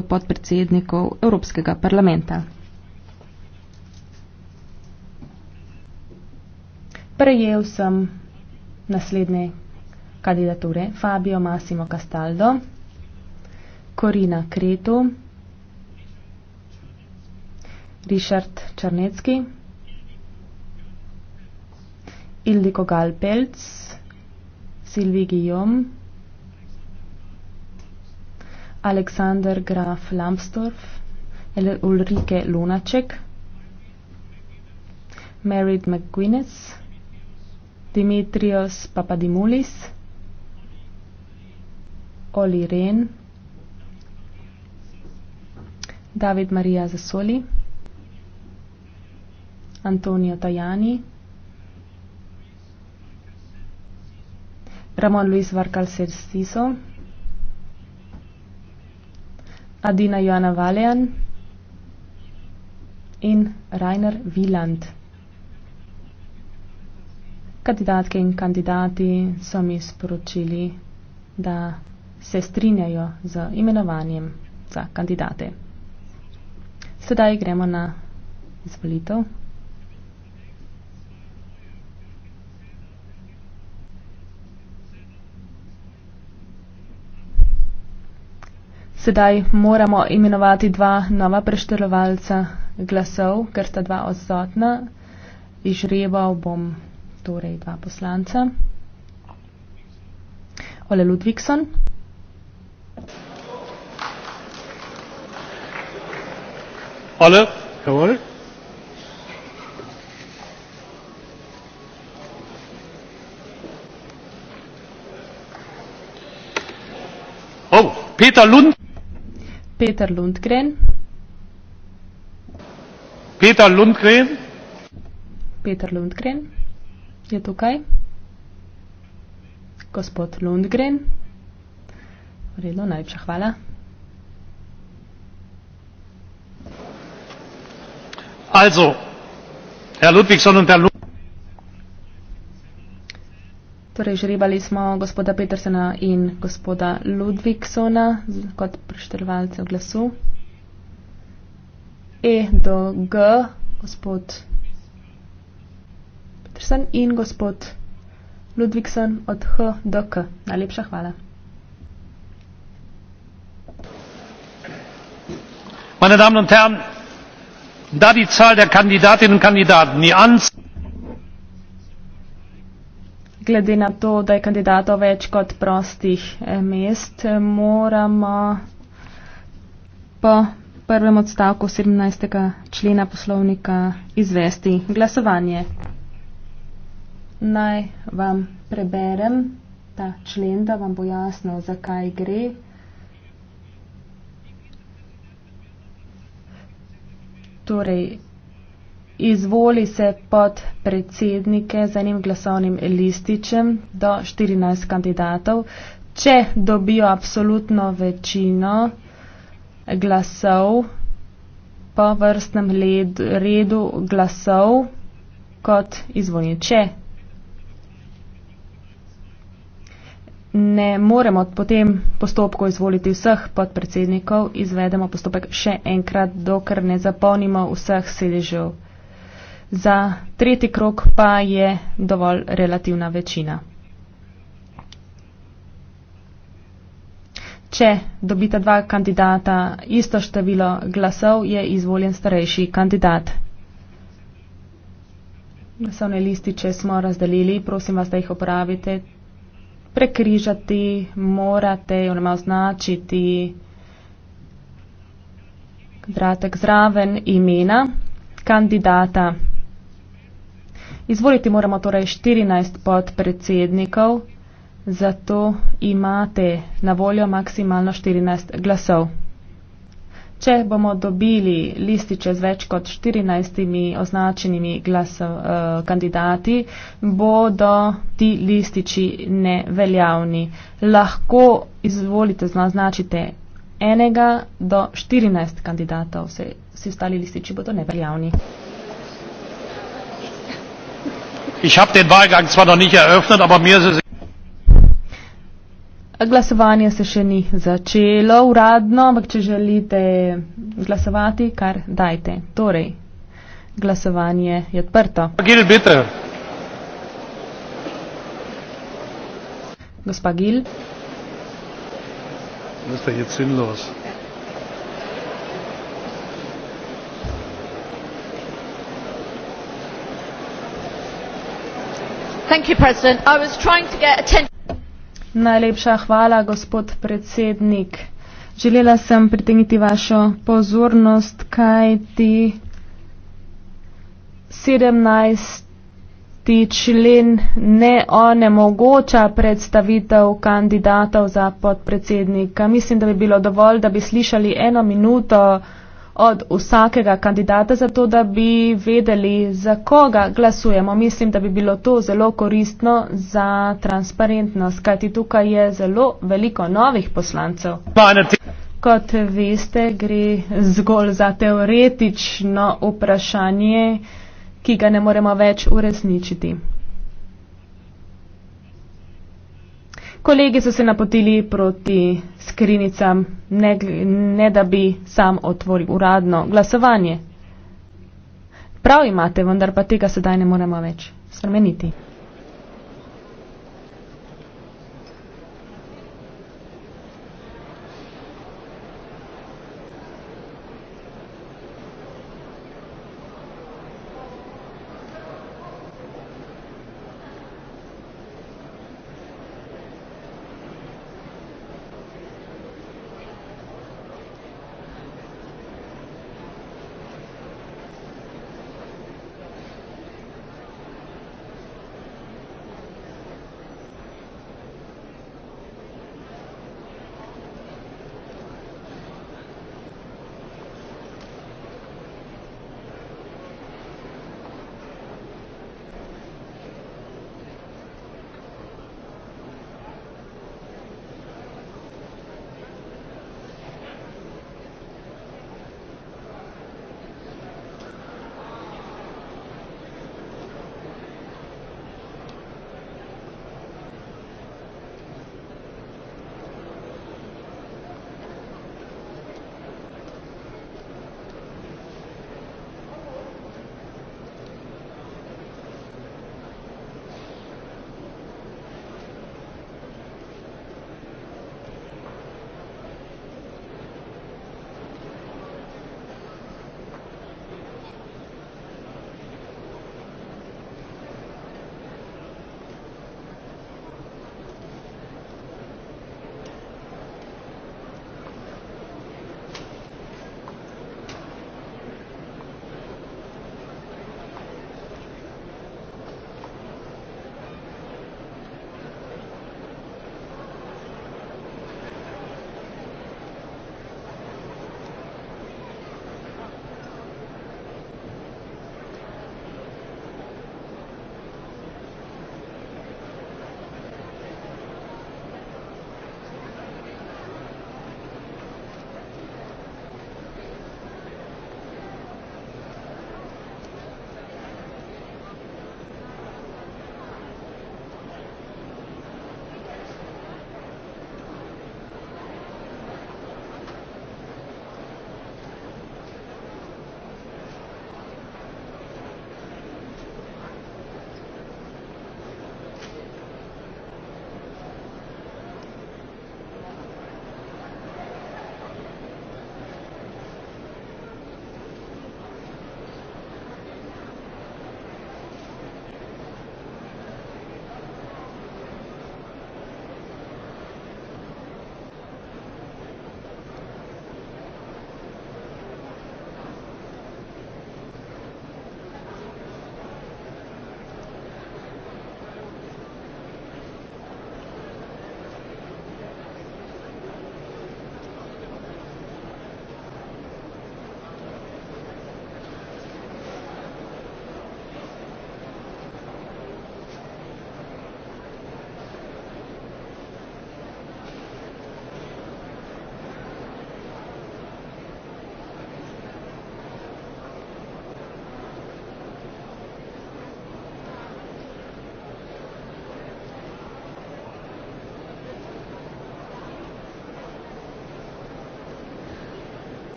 do podpredsednikov Evropskega parlamenta. Prejel sem naslednje kandidature Fabio Massimo Castaldo, Korina Kretu, Richard Črnecki, Ildiko Galpelc, Silvi Guillaume, Aleksander Graf Lambsdorff, Ulrike Lunacek, Merit McGuinness, Dimitrios Papadimulis, Oli Ren, David Maria Zasoli, Antonio Tajani, Ramon Luis Varkal Sersiso, Adina Joana Valejan in Rainer Wieland. Kandidatke in kandidati so mi sporočili, da se strinjajo z imenovanjem za kandidate. Sedaj gremo na izvolitev. Sedaj moramo imenovati dva nova preštelovalca glasov, ker sta dva odsotna. Išreval bom torej dva poslanca. Ole Ludvikson. Ole, jawohl. Oh, Peter Lund. Peter Lundgren. Peter Lundgren. Peter Lundgren je tukaj. Gospod Lundgren. V redu, najlepša hvala. Also, Herr Ludwigson und Herr Lundgren. Torej, žrebali smo gospoda Petersena in gospoda Ludviksona kot preštevalce v glasu. E do G, gospod Petersen in gospod Ludvikson od H do K. Najlepša hvala. Meine Damen und Herren, da die Zahl der Kandidatinnen und Kandidaten, die Anzahl glede na to, da je kandidatov več kot prostih eh, mest, eh, moramo po prvem odstavku 17. člena poslovnika izvesti glasovanje. Naj vam preberem ta člen, da vam bo jasno, zakaj gre. Torej, Izvoli se pod predsednike z enim glasovnim lističem do 14 kandidatov. Če dobijo absolutno večino glasov po vrstnem led, redu glasov kot izvoljen. Če ne moremo potem postopku izvoliti vseh podpredsednikov, izvedemo postopek še enkrat, dokler ne zapolnimo vseh sedežev za tretji krok pa je dovolj relativna večina. Če dobita dva kandidata isto število glasov, je izvoljen starejši kandidat. Glasovne lističe smo razdelili, prosim vas, da jih uporabite. Prekrižati morate, oziroma označiti kvadratek zraven imena kandidata. Izvoliti moramo torej 14 podpredsednikov, zato imate na voljo maksimalno 14 glasov. Če bomo dobili lističe z več kot 14 označenimi glasov, eh, kandidati, bodo ti lističi neveljavni. Lahko izvolite, označite enega do 14 kandidatov, vsi ostali lističi bodo neveljavni. Ich habe den Wahlgang zwar noch nicht eröffnet, aber mir ist es Glasovanje se še ni začelo uradno, ampak če želite glasovati, kar dajte. Torej, glasovanje je odprto. Gil, bitte. Gospa Gil. Gospa Gil. Najlepša hvala, gospod predsednik. Želela sem pritegniti vašo pozornost, kaj ti 17. člen ne onemogoča predstavitev kandidatov za podpredsednika. Mislim, da bi bilo dovolj, da bi slišali eno minuto od vsakega kandidata, zato da bi vedeli, za koga glasujemo. Mislim, da bi bilo to zelo koristno za transparentnost, kajti tukaj je zelo veliko novih poslancev. Kot veste, gre zgolj za teoretično vprašanje, ki ga ne moremo več uresničiti. Kolegi so se napotili proti skrinicam, ne, ne da bi sam otvoril uradno glasovanje. Prav imate, vendar pa tega sedaj ne moremo več spremeniti.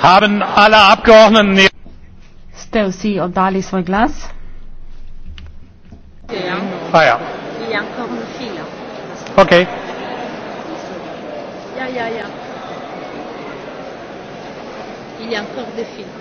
Haben alle Abgeordneten Ste vsi oddali svoj glas? Ja. Ah ja. Ok. Ja, ja, ja. Il y a encore des filles.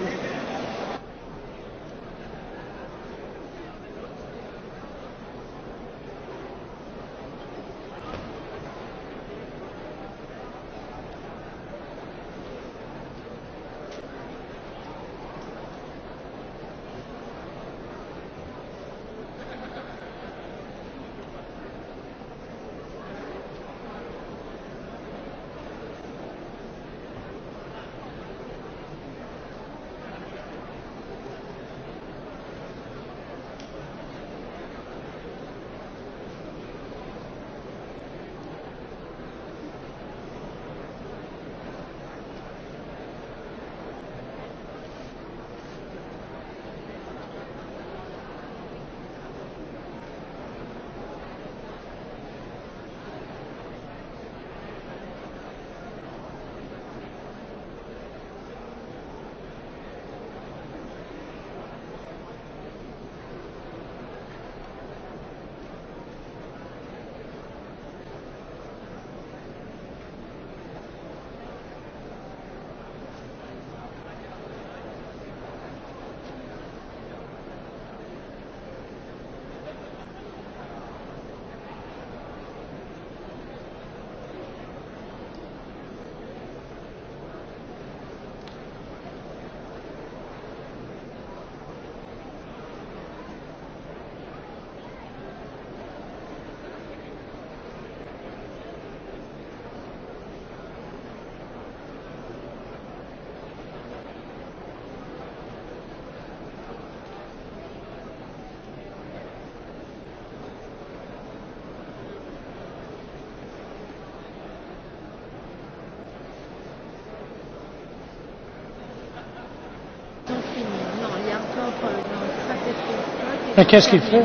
Mais qu'est-ce qu'il fait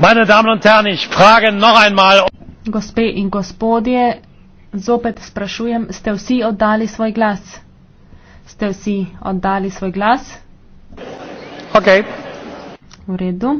Meine Damen und Herren, ich frage noch einmal. Gospe in gospodje, zopet sprašujem, ste vsi oddali svoj glas? Ste vsi oddali svoj glas? Ok. V redu.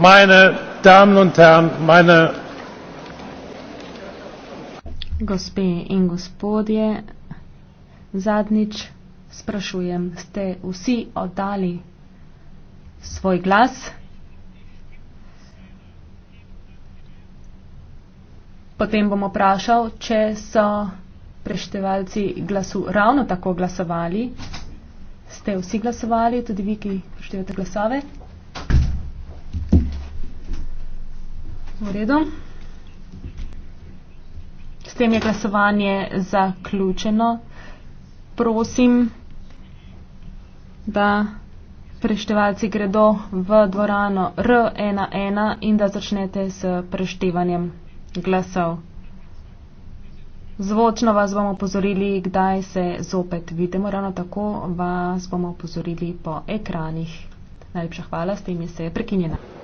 meine Damen und Herren, meine Gospe in gospodje, zadnjič sprašujem, ste vsi oddali svoj glas? Potem bom vprašal, če so preštevalci glasu ravno tako glasovali. Ste vsi glasovali, tudi vi, ki preštevate glasove? V redu. S tem je glasovanje zaključeno. Prosim, da preštevalci gredo v dvorano R11 in da začnete s preštevanjem glasov. Zvočno vas bomo opozorili, kdaj se zopet vidimo, ravno tako vas bomo opozorili po ekranih. Najlepša hvala, s tem je se prekinjena.